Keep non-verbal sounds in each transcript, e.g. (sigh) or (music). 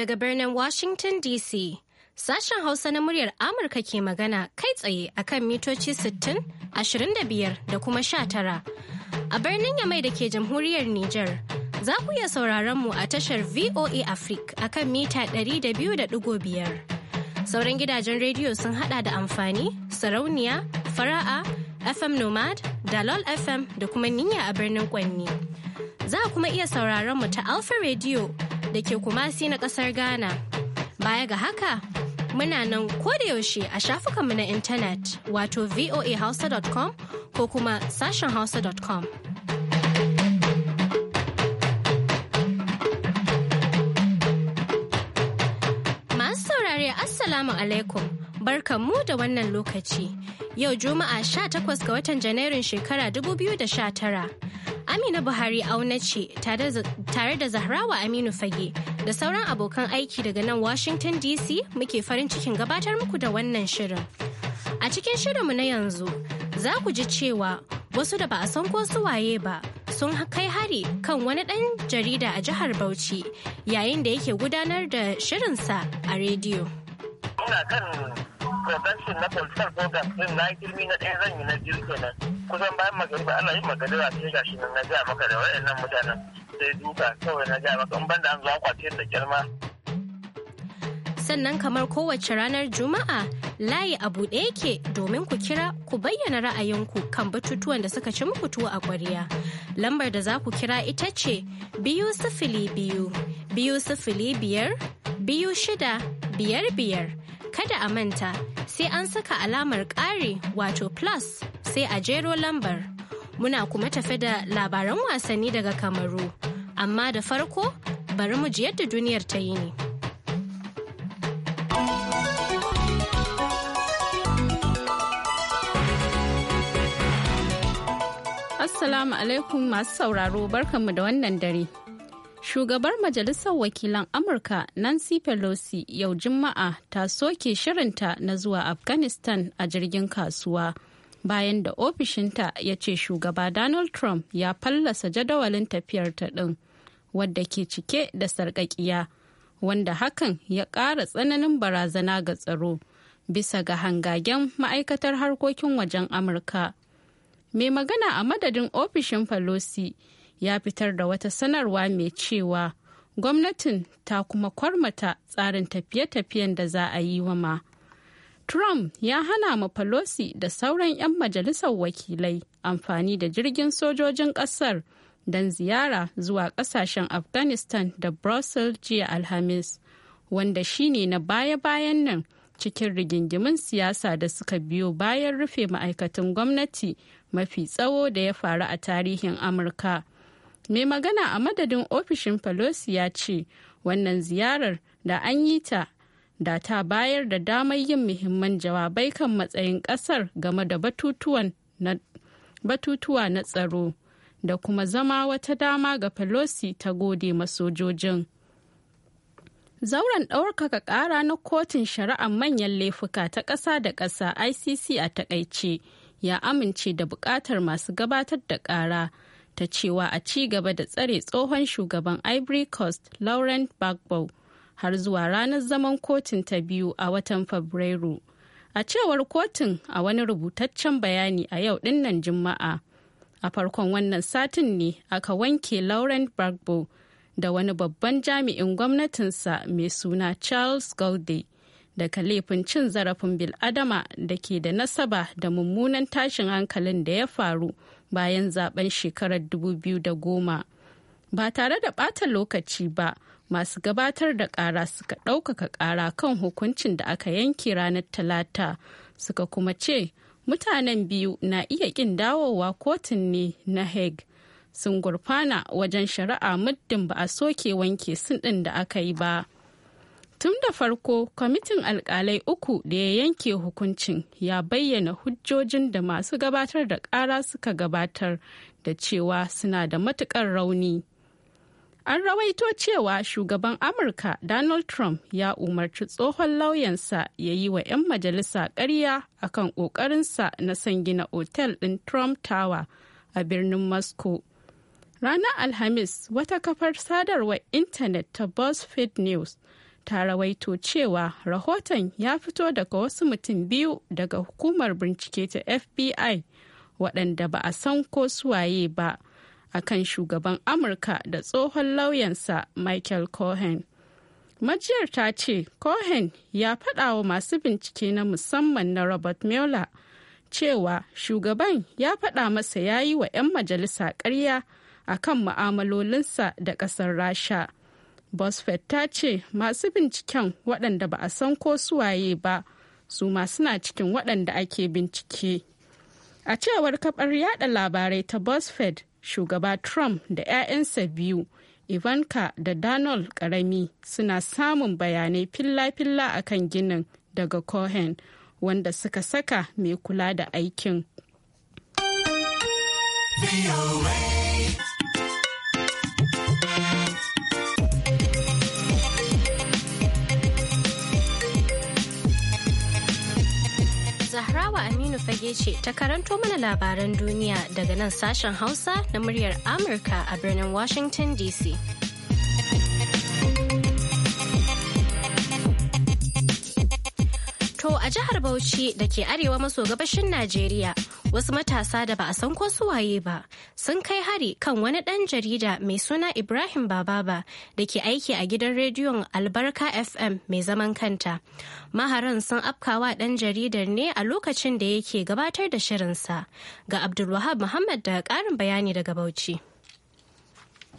Daga birnin Washington DC, sashen Hausa na muryar Amurka ke magana kai tsaye akan mitoci 60, 25 da kuma 19. A birnin Yamai da ke jamhuriyar Nijar, za ku iya sauraron mu a tashar VOA Africa akan mita 200.5. Sauran gidajen rediyo sun hada da amfani, sarauniya, fara'a, FM Nomad, Dalol FM da kuma niyya a birnin Kwanni. Za a kuma iya sauraron mu ta Alpha Radio da ke kumasi na kasar Ghana. Baya ga haka, muna nan ko da yaushe a shafukanmu na intanet wato voahausa.com ko kuma sashen hausa.com. Masu saurare Assalamu alaikum, mu da wannan lokaci. Yau Juma'a 18 ga watan Janairun shekara 2019. Amina Buhari auna ce tare da Zahrawa Aminu Fage da sauran abokan aiki daga nan Washington DC muke farin cikin gabatar muku da wannan shirin. A cikin shirinmu na yanzu za ku ji cewa wasu da ba a san ko su waye ba sun kai hari kan wani ɗan jarida a jihar Bauchi yayin da yake gudanar da shirinsa a rediyo. prevention na political program din na girmi na ɗaya zan yi na biyu kenan kusan bayan magariba ana yin magariba sai gashi nan na gaya maka da waɗannan mutanen sai duka kawai na gaya maka in banda an zuwa an kwace da girma sannan kamar kowace ranar Juma'a layi a buɗe yake domin ku kira ku bayyana ra'ayinku kan batutuwan da suka ci muku tuwo a ƙwariya. Lambar da za ku kira ita ce biyu sifili biyu, biyu sifili biyar, biyu shida, biyar biyar. Kada a manta sai an saka alamar ƙari wato plus sai a jero lambar. Muna kuma tafe da labaran wasanni daga Kamaru, amma da farko bari mu ji yadda duniyar ta yi ne. Assalamu alaikum masu sauraro barkanmu da wannan dare. Shugabar Majalisar Wakilan Amurka Nancy Pelosi yau Juma'a ta soke shirinta na zuwa Afghanistan a jirgin kasuwa bayan da ofishinta ya ce shugaba Donald Trump ya fallasa jadawalin tafiyarta ɗin wadda ke cike da sarƙaƙiya wanda hakan ya ƙara tsananin barazana ga tsaro bisa ga hangagen ma'aikatar harkokin wajen Amurka. Mai magana a madadin ofishin Pelosi ya fitar da wata sanarwa mai cewa gwamnatin ta kuma kwarmata tsarin tafiye-tafiyen da za a yi wa ma. Trump ya hana ma Pelosi da sauran 'yan majalisar wakilai amfani da jirgin sojojin ƙasar don ziyara zuwa ƙasashen Afghanistan da Brussels jiya Alhamis, wanda shi ne na baya-bayan nan cikin rigingimin siyasa da suka biyo bayan rufe ma'aikatan gwamnati mafi tsawo da ya faru a tarihin Amurka. mai magana a madadin ofishin pelosi ya ce wannan ziyarar da an yi ta da ta bayar da damar yin muhimman jawabai kan matsayin kasar game da batutuwa na tsaro da kuma zama wata dama ga pelosi ta gode masojojin zauren ɗaukaka ƙara na kotun shari'ar manyan laifuka ta ƙasa da ƙasa icc a takaice ya amince da buƙatar masu gabatar da ƙara ta cewa a ci gaba da tsare tsohon shugaban ivory coast laurent gbagbo har zuwa ranar zaman kotun ta biyu a watan fabrairu a cewar kotun a wani rubutaccen bayani a yau dinnan juma'a a farkon wannan satin ne aka wanke laurent gbagbo da wani babban jami'in gwamnatinsa mai suna charles golde daga laifin cin zarafin biladama da ke da nasaba da mummunan tashin hankalin da ya faru bayan zaben shekarar 2010 ba tare da ɓata lokaci ba masu gabatar da ƙara suka ɗaukaka ƙara kan hukuncin da aka yanke ranar talata suka kuma ce mutanen biyu na iya ƙin dawowa kotun ne na hague sun gurfana wajen shari'a muddin ba a soke wanke sun ɗin da aka yi ba. tun da farko kwamitin alkalai uku da ya yanke hukuncin ya bayyana hujjojin da masu gabatar da ƙara suka gabatar da cewa suna da matuƙar rauni an rawaito cewa shugaban amurka donald trump ya umarci tsohon lauyansa ya yi wa 'yan majalisa ƙarya kan ƙoƙarinsa na san gina otel ɗin trump tower a birnin moscow ranar alhamis wata kafar sadarwar intanet ta buzzfeed news ta rawaito cewa rahoton ya fito daga wasu mutum biyu daga hukumar bincike ta fbi waɗanda ba a san ko suwaye ba a kan shugaban amurka da tsohon lauyansa michael cohen majiyar ta ce cohen ya faɗa wa masu bincike na musamman na robert mueller cewa shugaban ya faɗa masa ya yi wa 'yan majalisa ƙarya akan mu'amalolinsa da ƙasar rasha Bosfet ta ce masu binciken waɗanda ba a san ko suwaye ba su masu suna cikin waɗanda ake bincike. A cewar kafar yada labarai ta Bosfet, shugaba Trump da 'ya'yansa biyu, Ivanka da Donald Karami suna samun bayanai filla-filla a kan ginin daga Cohen, wanda suka saka mai kula da aikin. fage ce ta karanto mana labaran duniya daga nan sashen Hausa na muryar Amurka a birnin Washington DC. To a jihar Bauchi da ke arewa maso gabashin Najeriya. wasu matasa da ba a san ko waye ba sun kai hari kan wani ɗan jarida mai suna ibrahim bababa da ke aiki a gidan rediyon albarka fm mai zaman kanta maharan sun afkawa ɗan jaridar ne a lokacin da yake gabatar da shirinsa ga abdulwahab muhammad da ƙarin bayani daga bauchi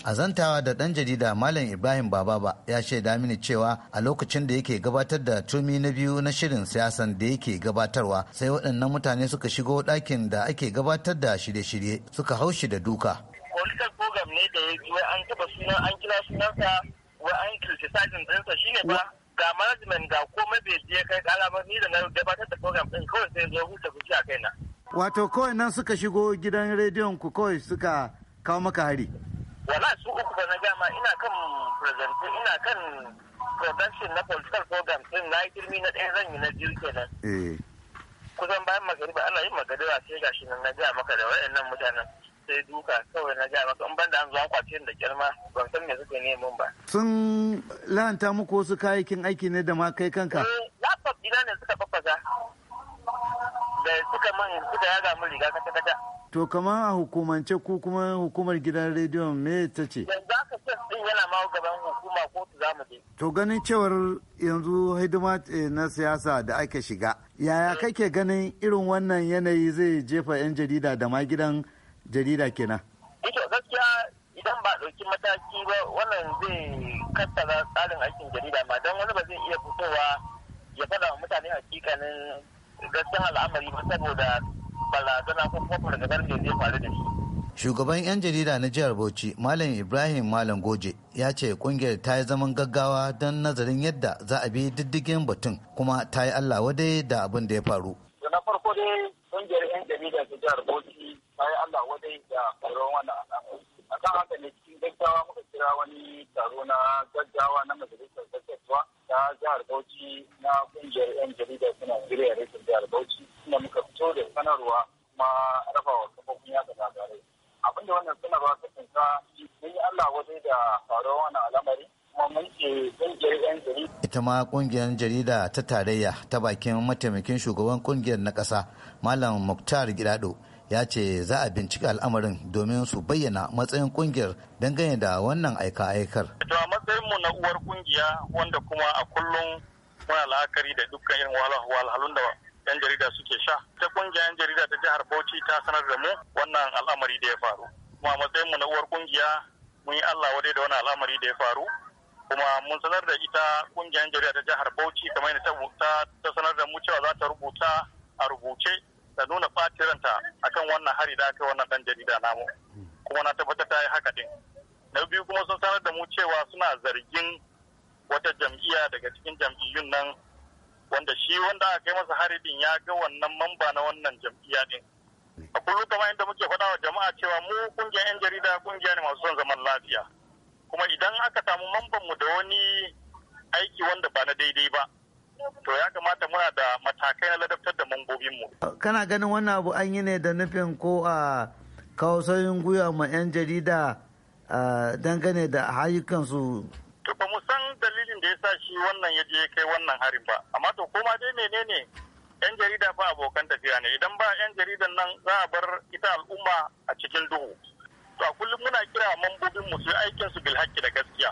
a zantawa da ɗan jarida malam ibrahim bababa ya shaida mini cewa a lokacin da yake gabatar da tumi na biyu na shirin siyasan da yake gabatarwa sai waɗannan mutane suka shigo ɗakin da ake gabatar da shirye-shirye suka haushi da duka political program ne da ya ji an taba sunan an kira sunansa wai an criticizing ɗinsa shine ba ga management ga komai bai je kai alamar ni da na gabatar da program ɗin kawai sai zo huta fushi a kaina wato kawai nan suka shigo gidan rediyon ku kawai suka kawo maka hari wala su uku ba na gama ina kan presenti ina kan production na political program din na yi filmi na ɗaya zan yi na biyu kenan eh. kusan bayan ba ana yin ba sai gashi nan na gaya maka da wayannan mutanen sai duka kawai na gaya maka in banda an zo an kwace da girma ban san me suka neman ba sun lanta muku wasu kayayyakin aiki ne da ma kai kanka eh, laptop ina ne suka fafaza da suka man suka yaga mun riga kata kata To kamar a hukumance ko kuma hukumar gidan rediyon me ta ce? Yanzu ce yana ma gaban hukuma ko zamu je. To ganin cewar yanzu hidima eh, na siyasa da ake shiga. Yaya mm. kake ganin irin wannan yanayi zai jefa 'yan jarida da ma gidan jarida kenan? Ito eh gaskiya idan ba ɗauki mataki ba wannan zai kattara tsarin aikin jarida ma don wani ba zai iya fitowa ya faɗa wa mutane hakikanin gaskiyar al'amari ba saboda barazana ko kuma fargabar da zai faru da shi. Shugaban 'yan jarida na jihar Bauchi, Malam Ibrahim Malam Goje, ya ce kungiyar ta yi zaman gaggawa don nazarin yadda za a bi diddigin batun kuma ta yi Allah wadai da abin da ya faru. Na farko dai kungiyar 'yan jarida ta jihar Bauchi ta yi Allah wadai da faruwar wannan al'amari. A kan haka ne cikin gaggawa muka kira wani taro na gaggawa na majalisar gaggawa ta jihar Bauchi na kungiyar 'yan jarida suna shirya rikin jihar Bauchi. da muka fito da sanarwa kuma raba wa kafofin yada labarai abin wannan sanarwa ta kunsa mun yi Allah wajen da faruwa wannan al'amari kuma mun ce yan jarida ita ma kungiyar jarida ta tarayya ta bakin mataimakin shugaban kungiyar na ƙasa malam muktar gidado ya ce za a bincika al'amarin domin su bayyana matsayin kungiyar dangane da wannan aika-aikar. a matsayinmu na uwar kungiya wanda kuma a kullum muna la'akari da dukkan irin wahalhalun da 'yan jarida suke sha ta kungiyar 'yan jarida ta jihar bauchi ta sanar da mu wannan al'amari da ya faru kuma matsayin mu na uwar kungiya mun yi allah wadai da wannan al'amari da ya faru kuma mun sanar da ita kungiyar jarida ta jihar bauchi kamar yadda ta ta sanar da mu cewa za ta rubuta a rubuce da nuna fatiranta akan wannan hari da aka wannan dan jarida namu kuma na tabbatar ta yi haka din na biyu kuma sun sanar da mu cewa suna zargin wata jam'iyya daga cikin jam'iyyun nan wanda shi wanda aka kai masa hari ya ga wannan mamba na wannan jam'iyya din a kullum hmm. kamar yadda muke faɗa wa jama'a cewa mu kungiyar 'yan jarida kungiya ne masu son zaman lafiya kuma idan aka samu mamban mu da wani aiki wanda ba na daidai ba to ya kamata muna da matakai na ladabtar da mambobin mu kana ganin wannan abu an yi ne da nufin ko a kawo sauyin gwiwa ma 'yan jarida dangane da ayyukansu to ba mu san dalilin da ya sa shi wannan ya je ya kai wannan harin ba amma to koma dai menene yan jarida ba abokan tafiya ne idan ba yan jaridan nan za a bar ita al'umma a cikin duhu to a kullum muna kira mambobin mu su aikin su bil haƙƙi da gaskiya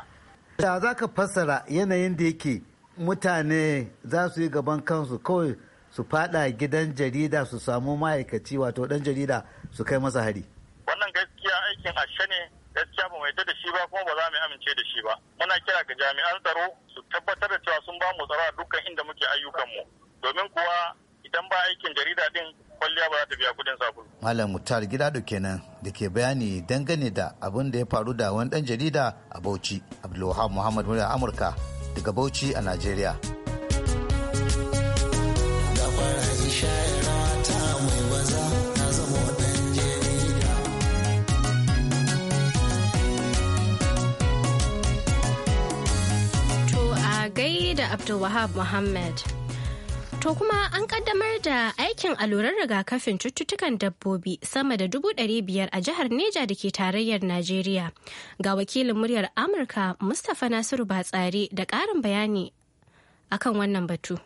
da za ka fassara yanayin da yake mutane za su yi gaban kansu kawai su fada gidan jarida su samu ma'aikaci wato dan jarida su kai masa hari wannan gaskiya aikin ashe ne gaskiya ba mai da shi ba kuma ba za mu amince da shi ba muna kira ga jami'an tsaro su tabbatar da cewa sun ba mu tsaro a dukkan inda muke ayyukanmu domin kuwa idan ba aikin jarida din kwalliya ba za ta biya kudin sabulu. Malam gida da kenan da ke bayani dangane da abin da ya faru da wani dan jarida a Bauchi. Abdulwahab Muhammad Murya Amurka daga Bauchi a Najeriya. gai gaida Abdulwahab Muhammad. To kuma an kaddamar da aikin allurar rigakafin cututtukan dabbobi sama da dubu ɗari biyar a jihar Neja da ke tarayyar Najeriya. Ga wakilin muryar Amurka Mustapha Nasiru Batsari da ƙarin bayani akan wannan batu.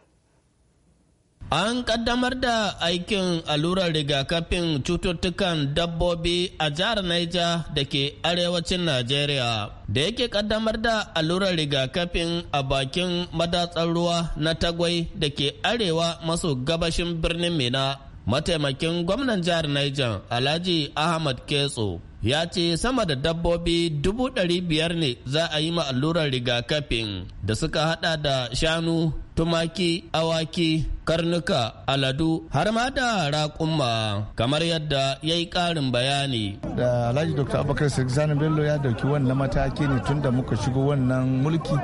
An kaddamar da aikin allurar rigakafin cututtukan dabbobi a jihar Niger da ke arewacin Najeriya. Da yake kaddamar da allurar rigakafin a bakin madatsar ruwa na tagwai da ke arewa maso gabashin birnin Mina. Mataimakin gwamnan jihar Niger Alhaji Ahmad Ketso ya ce sama da dabbobi dubu ɗari biyar ne za a yi ma allurar rigakafin da suka hada da shanu, tumaki, awaki, karnuka aladu har ma da raƙumma kamar yadda ya yi ƙarin bayani da alhaji dr abubakar sirgizani bello ya dauki wannan mataki ne tun da muka shigo wannan mulki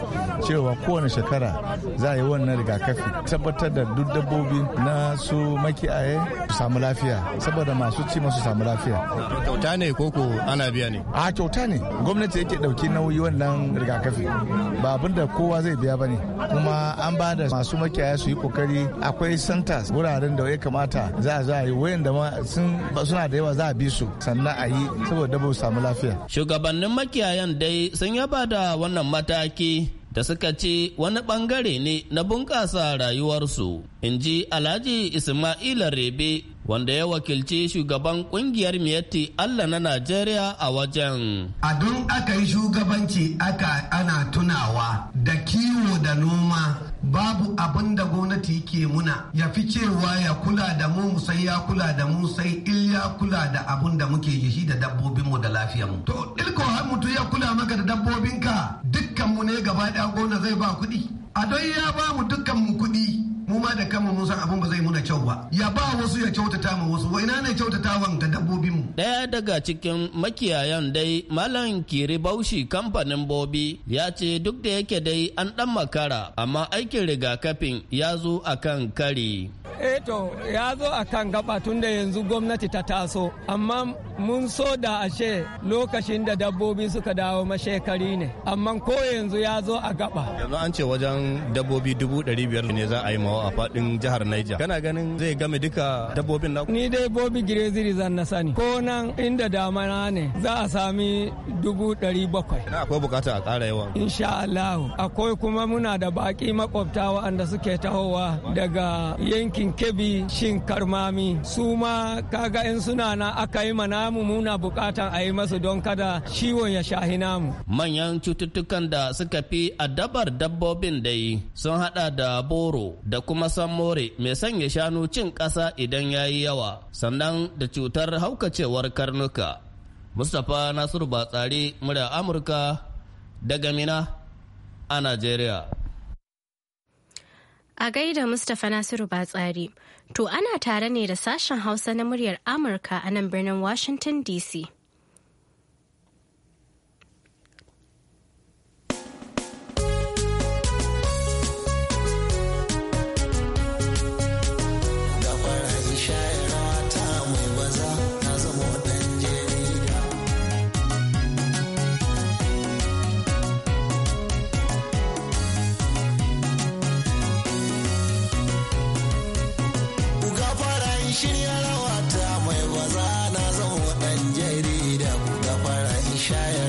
cewa kowane shekara za a yi wannan rigakafi tabbatar da duk dabbobi na su makiyaye su samu lafiya saboda masu ci masu samu lafiya kyauta ne ko ko ana biya ne a kyauta ne gwamnati yake dauki nauyi wannan rigakafi ba abin da kowa zai biya ba ne kuma an ba da masu makiyaye su yi kokari akwai centers wuraren da ya kamata za a za a yi wayan da suna da yawa za a bi su sannan a yi saboda dabo samu lafiya. Shugabannin makiyayan dai sun yaba da wannan mataki da suka ce wani bangare ne na bunƙasa rayuwarsu in ji alhaji ismaila rebe wanda ya wakilci shugaban kungiyar miyatti Allah na Najeriya a wajen. A don aka yi shugabanci aka ana tunawa da kiwo da noma babu abin da gwamnati ke muna ya fi cewa ya kula da mu sai ya kula da mu sai il ya kula da abin da muke yi da dabbobinmu da lafiyarmu. To ilko har mutum ya kula maka da dabbobinka dukkanmu ne gaba ɗaya gona zai ba kuɗi. A don ya ba mu dukkanmu kuɗi ma da kama mun san abin ba zai muna kyau ba ya ba wasu ya kyautata ma wasu wa ina ne wa ga dabbobin mu daya daga cikin makiyayan dai malam kiri baushi kamfanin bobi ya ce duk da yake dai an dan makara amma aikin rigakafin ya zo akan kari eto eh, ya zo a kan gaba tun da yanzu gwamnati ta taso amma mun so da ashe lokacin da dabbobi suka dawo mashekari ne amma ko yanzu ya zo a gaba yanzu an ce wajen dabbobi dubu ɗari biyar ne za a yi mawa a faɗin jihar Niger kana ganin zai game duka dabbobin na ni dai bobi gireziri zan na sani ko nan inda damana ne za a sami dubu ɗari bakwai na akwai bukata a ƙara yawa insha Allah akwai kuma muna da baƙi makwabta waɗanda suke tahowa daga yankin shin kebi shin karmami su ma kaga in suna na aka yi namu muna bukatan a yi masu don kada ciwon ya shahi namu manyan cututtukan da suka fi a dabar dabbobin dai sun hada da boro da kuma samore mai sanya shanu cin ƙasa idan ya yi yawa sannan da cutar haukacewar karnuka mustapha nasiru batsari murya amurka daga mina a najeriya A gaida Mustapha Nasiru Batsari, to ana tare ne da sashen Hausa na muryar Amurka a nan birnin Washington DC. jarida buga fara ishaya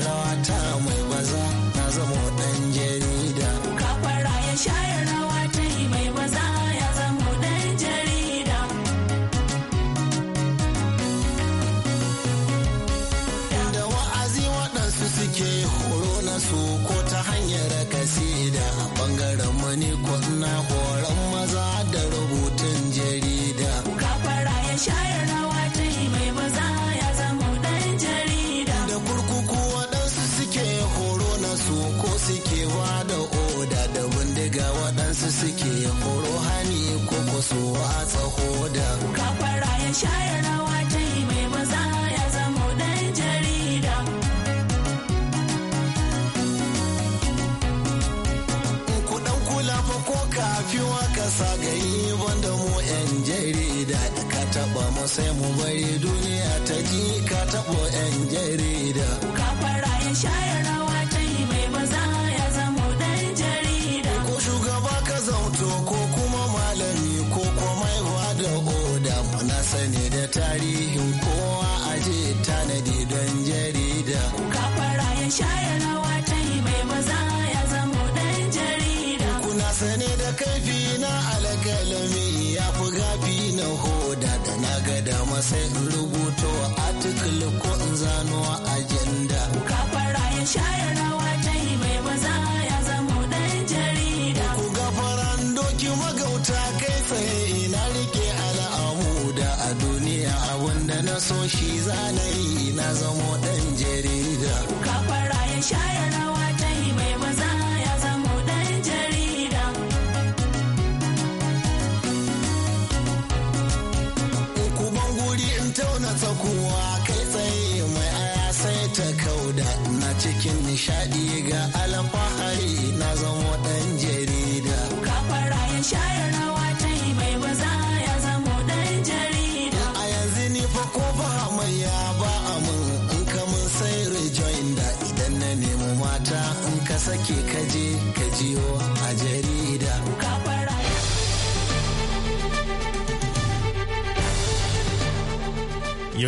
'yan jarida da ka taɓa mu sai mu bari duniya ta ji ka taɓa 'yan jarida. Ka fara ya shayarwa.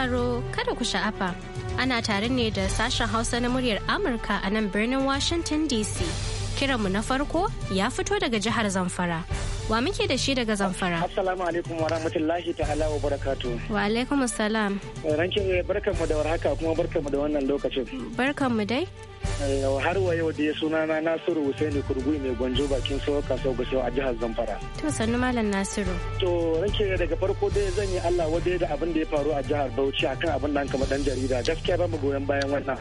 sauraro kada ku sha'afa ana tare ne da sashen hausa na muryar amurka a nan birnin washington dc kiranmu na farko ya fito daga jihar zamfara Wa muke da shi daga Zamfara? Assalamu alaikum wa rahmatullahi ta'ala wa barakatu. Wa alaikum assalam. Eh, barkan mu da warhaka kuma barkan mu da wannan lokacin. Barkan mu dai. Eh, har wa yau da sunana Nasiru Husaini Kurgui mai gwanjo bakin sau kasuwa a jihar Zamfara. To sannu Malam Nasiru. To ranke daga farko dai zan yi Allah wadai da abin da ya faru a jihar Bauchi akan abin da an kama dan jarida gaskiya ba mu goyon bayan wannan.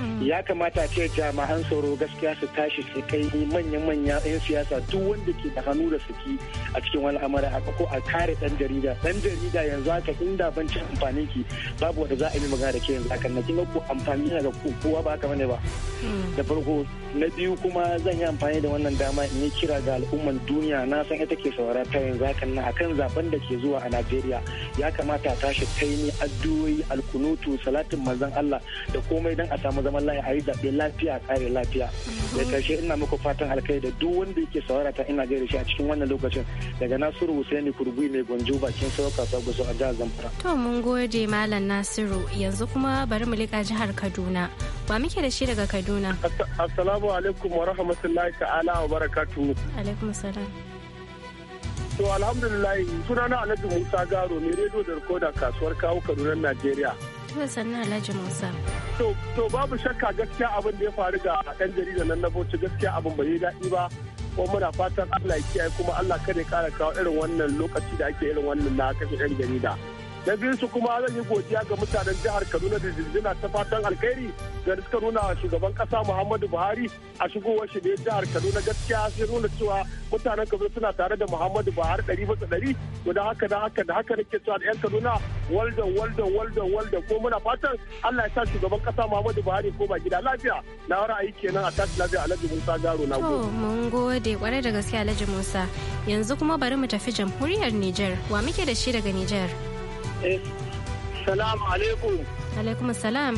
Mm. ya kamata ce jami'an tsaro gaskiya su tashi su kai manya-manya 'yan siyasa duk wanda ke da hannu da suki a cikin wani amara haka ko a kare dan jarida dan jarida yanzu haka inda ban cin amfanin ki babu wanda za a yi magana da ke yanzu haka na kin ku amfani daga kowa ba haka bane ba mm. da farko na biyu kuma zan yi amfani da wannan dama in yi kira ga al'umman duniya na san ita ke saurara ta yanzu hakan na akan zaben da ke zuwa a Najeriya ya kamata a tashi kai ni addu'o'i alkunutu salatin manzon Allah da komai dan a samu zaman layi a yi zaɓe lafiya kare lafiya da karshe ina muku fatan alkai da duk wanda yake saurara ta ina gaida shi a cikin wannan lokacin daga nasiru husaini kurgui mai gwanjo bakin sauka sabuso a jihar zamfara to mun gode malam nasiru yanzu kuma bari mu liƙa jihar kaduna ba muke da shi daga kaduna assalamu alaikum wa rahmatullahi ta'ala wa barakatuhu alaikum salam to alhamdulillah sunana alhaji musa garo ne rediyo da rikoda kasuwar kawo kaduna najeriya Fatima sannan Alhaji Musa. To babu shakka gaskiya abin da ya faru ga ɗan jarida nan na Bauchi gaskiya abin bai yi daɗi ba. Ko muna fatan Allah ya kiyaye kuma Allah kada ya ƙara kawo irin wannan lokaci da ake irin wannan na kashe ɗan jarida. na biyu su kuma zan yi godiya ga mutanen jihar kaduna da jirgin ta fatan alkhairi da suka nuna shugaban kasa muhammadu buhari a shigowar shi da jihar kaduna gaskiya sai nuna cewa mutanen kaduna suna tare da muhammadu buhari ɗari bisa ɗari to haka da haka da haka nake cewa da yan kaduna walda walda walda walda ko muna fatan Allah ya sa shugaban kasa Muhammadu Buhari ko ba gida lafiya na ra'ayi kenan a tashi lafiya Alhaji Musa Garo na gode. mun gode kwarai da gaske Alhaji Musa yanzu kuma bari mu tafi jamhuriyar Niger wa muke da shi daga Niger. Eh, salamu alaikum. Alaikum salam.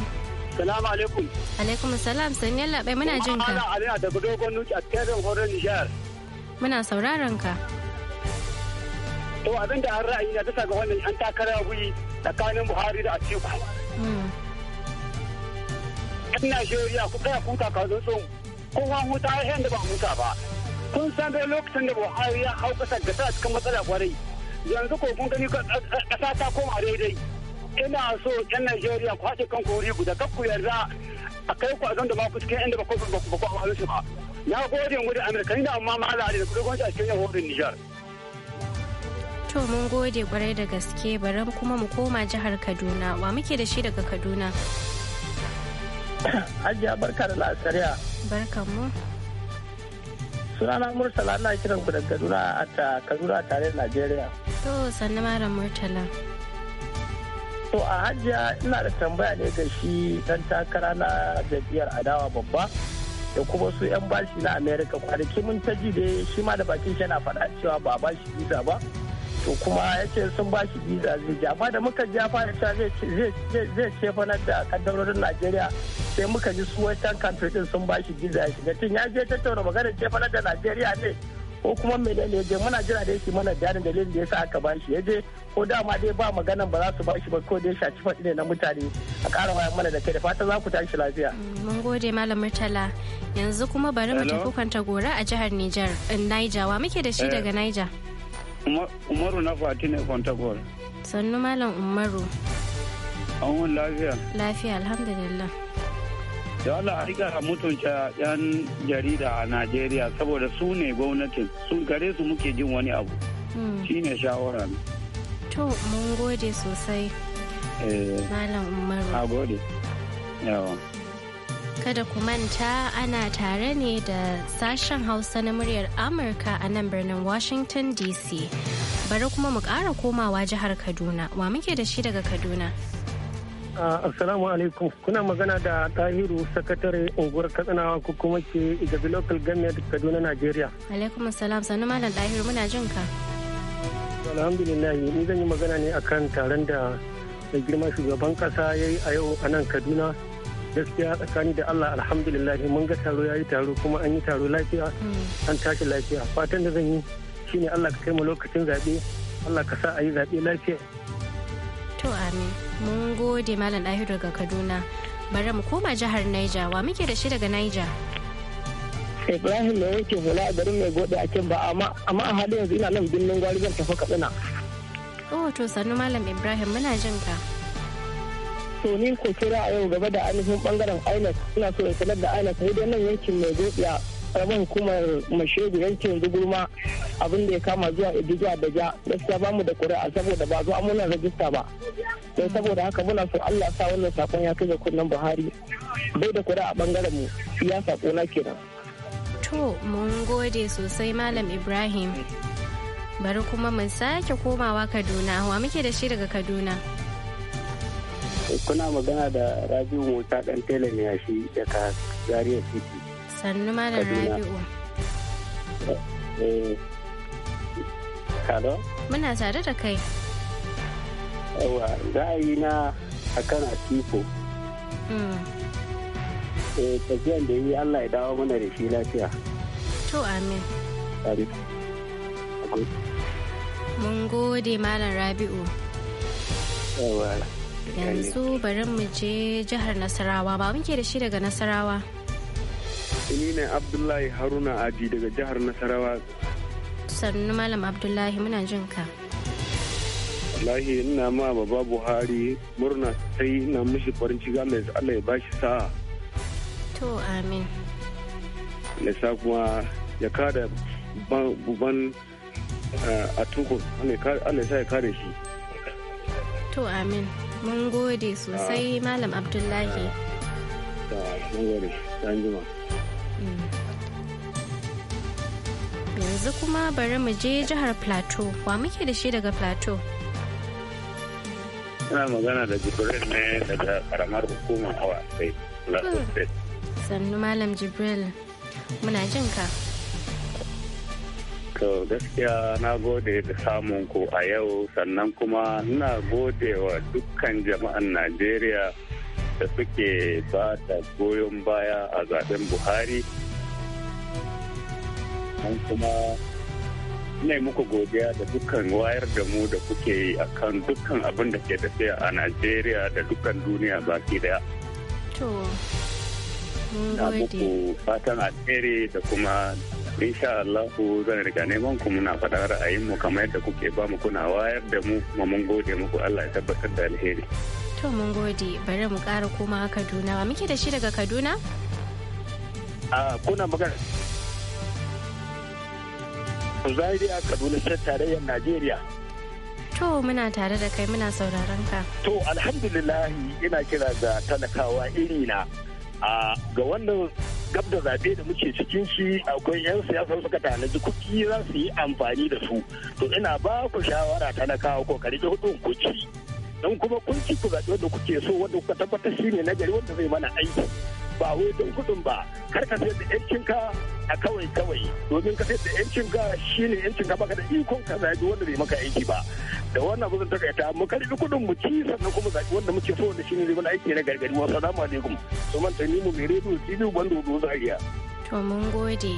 Salamu alaikum. Alaikum salam sanni Allah bai muna jin ka. Ma'ana Ali a daga dogon nuki a cikin horon Niger. Muna sauraron ka. to abin da an ra'ayi na bisa ga wannan an takara guri tsakanin buhari da atiku yan najeriya ku kaya kuta ka zo tsohon kuma huta yayin da ba huta ba kun san dai lokacin da buhari ya hau kasar da ta cikin matsala kwarai yanzu ko kun gani kasa ta koma daidai ina so yan najeriya ku haɗe kan kori guda kan ku yarda a kai ku a zan da ba ku cikin inda ba ku ba ku ba na gode mu da amurka ni amma ma da kudu gwamnati a cikin yahorin nijar. To mun gode kwarai da gaske bari kuma mu koma jihar Kaduna wa muke da shi daga Kaduna. (coughs) Hajiya barka da lasariya. Barkan mu. Sunana Murtala na kiran ku da Kaduna a Kaduna tare da Najeriya. To sannu Malam Murtala. To a hajiya ina da tambaya ne ga shi dan takara na jam'iyyar adawa babba da kuma su 'yan bashi na Amerika kwanaki mun ta ji da shi ma da bakin shi yana faɗa cewa ba bashi visa ba to kuma ya ce sun ba shi visa zai ji amma da muka ji ya fara cewa zai ce fanar da kaddarorin najeriya sai muka ji su tan din sun ba shi visa ya shiga tun ya je tattauna magana ce fanar da najeriya ne ko kuma menene ya je muna jira da yake mana bayanin dalilin da yasa aka ba shi ya je ko dama dai ba maganan ba za su ba shi ba ko dai shaci faɗi ne na mutane a ƙara wayan mana da kai da fata za ku tashi lafiya. mun gode malam murtala yanzu kuma bari mu tafi kwanta gora a jihar niger niger wa muke da shi eh. daga niger. umaru na fati ne kwantagol sannu malam umaru an lafiya lafiya alhamdulillah da Allah a rika mutunta 'yan jarida a Najeriya saboda su ne gwamnatin su gare su muke jin wani abu hmm. shi ne shawara to mun gode sosai eh. malam umaru a gode yawa Kada ku manta ana tare ne da sashen Hausa na muryar Amurka a nan birnin Washington DC. Bari kuma mu ƙara komawa jihar Kaduna. Wa muke da shi daga Kaduna? Ah, assalamu alaikum. Kuna magana da Tahiru sakatare unguwar Katsinawa ko kuma ke Igabi Local Government Kaduna, Najeriya. Alaikum salam Sannu Malam Tahiru muna jin ka. Alhamdulillah ni zan yi magana ne akan taron da mai girma shugaban kasa ya yi a yau a nan Kaduna gaskiya tsakani da Allah alhamdulillah mun ga taro yayi taro kuma an yi taro lafiya hmm. an tashi lafiya fatan da zan yi shine Allah ka kai mu lokacin zabe Allah ka sa a yi zabe lafiya to amin mun gode malam Dahiru daga Kaduna bari mu koma jihar Niger wa muke da shi daga Niger Ibrahim mai yake hula a garin mai gode a can ba amma a halin yanzu ina nan birnin gwari zan tafi Katsina. Oh to sannu malam Ibrahim muna jin ka. to ni ko kira a yau gaba da ainihin bangaren INEC suna so in sanar da INEC sai dai nan yankin mai gobiya karamar hukumar mashegu yankin zuguruma abin da ya kama zuwa ibiza da ja gaskiya bamu da kuri'a saboda ba zuwa muna rajista ba don saboda haka muna so allah sa wannan sakon ya kai ga kunnen buhari bai da kuri'a bangaren mu ya sako na kenan to mun gode sosai malam ibrahim bari kuma mun sake komawa kaduna wa muke da shi daga kaduna kuna magana da rabiu musa dan tela ne a shi daga zaria city sannu malam rabiu kano. Eh, Muna tare da kai. Yawa, ra'ayi na a kan Atiku. Mm. Eh, tafiyan da yi Allah ya dawo mana da shi lafiya. To, amin. Mun gode Malam Rabi'u. Yawa. yanzu bari mu je jihar nasarawa ba muke da shi daga nasarawa ni ne abdullahi haruna aji daga jihar nasarawa sannu malam abdullahi muna jin ka wallahi ina ma baba buhari murna sai ina mishi farin ciki allah ya bashi sa'a to amin sa kuma ya kada buban eh, a tukun allah ya kare shi to amin Mun gode sosai ah. Malam Abdullahi. Ah. Ah, mm. Yanzu kuma bari mu je jihar Plateau. Wa muke da shi daga Plateau? Ina magana da Jibril ne daga karamar hukumar awa sai. Sannu Malam Jibril, muna jin ka. To gaskiya na gode da samun ku a yau sannan kuma na gode wa dukkan jama'an Najeriya da suke ba da goyon baya a zaben Buhari. An kuma ne muku godiya da dukkan wayar da mu da kuke yi a kan dukkan abin da ke tafiya a Najeriya da dukkan duniya baki daya. To, Na muku fatan alheri da kuma insha Allahu zan rika neman ku muna faɗa mu kamar yadda kuke ba mu kuna wayar da mu ma mun gode muku Allah ya tabbatar da alheri. To mun gode bari mu ƙara koma Kaduna wa muke da shi daga Kaduna? A kuna magana. Zahiri a Kaduna sai tarayyar Najeriya. To muna tare da kai muna sauraron ka. To alhamdulillahi ina kira ga talakawa irina a ga wannan gab da zaɓe da muke cikin shi akwai 'yan siyasa suka tanaji kuki za su yi amfani da su to ina ba ku shawara kawo ko kare hudun ku ci don kuma kun ci ku zaɓe wanda kuke so wanda kuka tabbatar shi ne nagari wanda zai mana aiki ba wai don kuɗin ba kar ka sayar da ka a kawai kawai domin ka sayar da ka shine ka baka da ikon ka zaɓi wanda bai maka aiki ba da wannan abin ta kaita mu karbi kuɗin mu ci sannan kuma zaɓi wanda muke so wanda shine zai mana aiki na gargadi wa salamu alaikum to man tani mu mai rediyo tilu bando do zaria to mun gode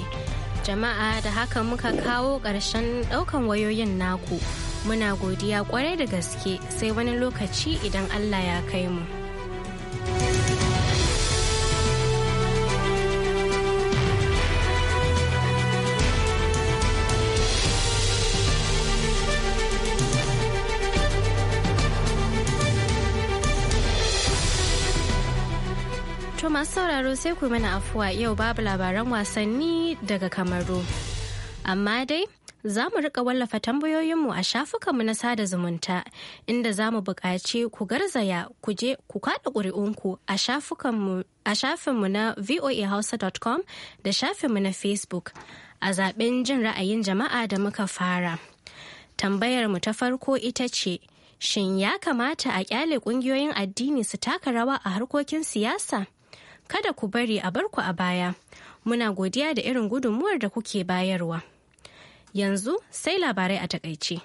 jama'a da haka muka kawo ƙarshen ɗaukan wayoyin naku muna godiya kwarai da gaske sai wani lokaci idan allah ya kai mu. masu sauraro sai ku mana afuwa yau babu labaran wasanni daga Kamaru. Amma dai za mu rika wallafa tambayoyinmu a shafukanmu na sada zumunta inda za mu buƙaci ku garzaya ku je ku kaɗa ƙuri'unku a shafinmu na voahausa.com da shafinmu na Facebook a zaɓen jin ra'ayin jama'a da muka fara. Tambayarmu ta farko ita ce, Shin ya kamata a ƙyale ƙungiyoyin addini su taka rawa a harkokin siyasa? kada ku bari a barku a baya muna godiya da irin gudunmuwar da kuke bayarwa yanzu sai labarai a takaice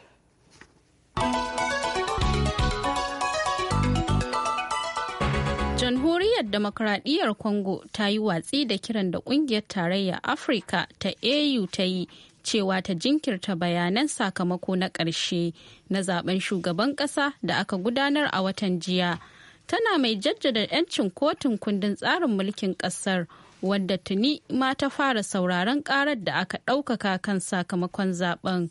jamhuriyar demokradiyyar congo ta yi watsi da kiran da kungiyar tarayya afirka ta au ta yi cewa ta jinkirta bayanan sakamako na ƙarshe na zaben shugaban ƙasa da aka gudanar a watan jiya tana mai jaddada 'yancin kotun kundin tsarin mulkin ƙasar wadda tuni ma ta fara sauraron karar da aka ɗaukaka kan sakamakon zaben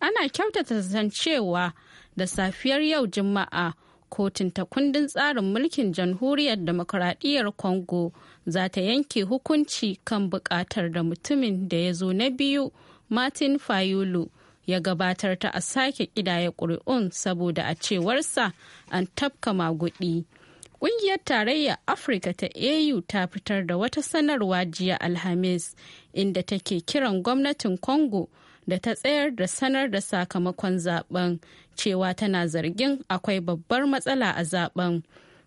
ana kyautata san cewa da safiyar yau juma'a kotun ta kundin tsarin mulkin jamhuriyar demokuraɗiyyar congo za ta yanke hukunci kan buƙatar da mutumin da ya zo na biyu martin fayulu ya gabatar ta a sake ƙidaya ƙuri'un saboda a cewarsa an tafka magudi. Ƙungiyar Tarayyar Afirka ta AU ta fitar da wata sanarwa jiya Alhamis inda take kiran gwamnatin Congo da ta tsayar da sanar da sakamakon zaben cewa tana zargin akwai babbar matsala a zaben.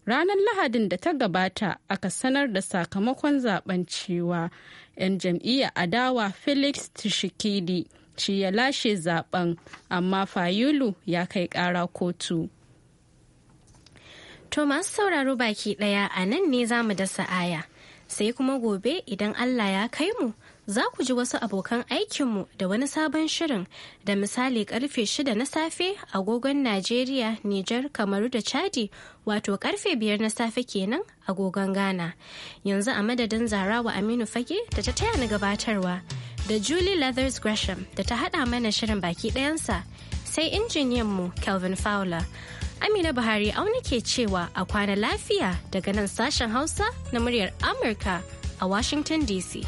Ranar Lahadin da ta gabata aka sanar da sakamakon zaben cewa 'yan jam'iyyar adawa Felix Tshisekedi shi ya lashe zaben amma Fayulu ya kai ƙara kotu. To masu sauraro baki ɗaya a nan ne za mu dasa aya. Sai kuma gobe idan Allah ya kai mu za ku ji wasu abokan aikinmu da wani sabon shirin da misali karfe shida na safe agogon Najeriya, Nijar, Kamaru da Chadi wato karfe biyar na safe kenan agogon Ghana. Yanzu a madadin Zarawa Aminu Fage da ta taya ni gabatarwa da Julie Leathers Gresham da ta haɗa mana shirin baki ɗayansa sai injiniyanmu Calvin Fowler. Amina Buhari auna ke cewa a kwana lafiya daga nan sashen Hausa na muryar Amurka a Washington DC.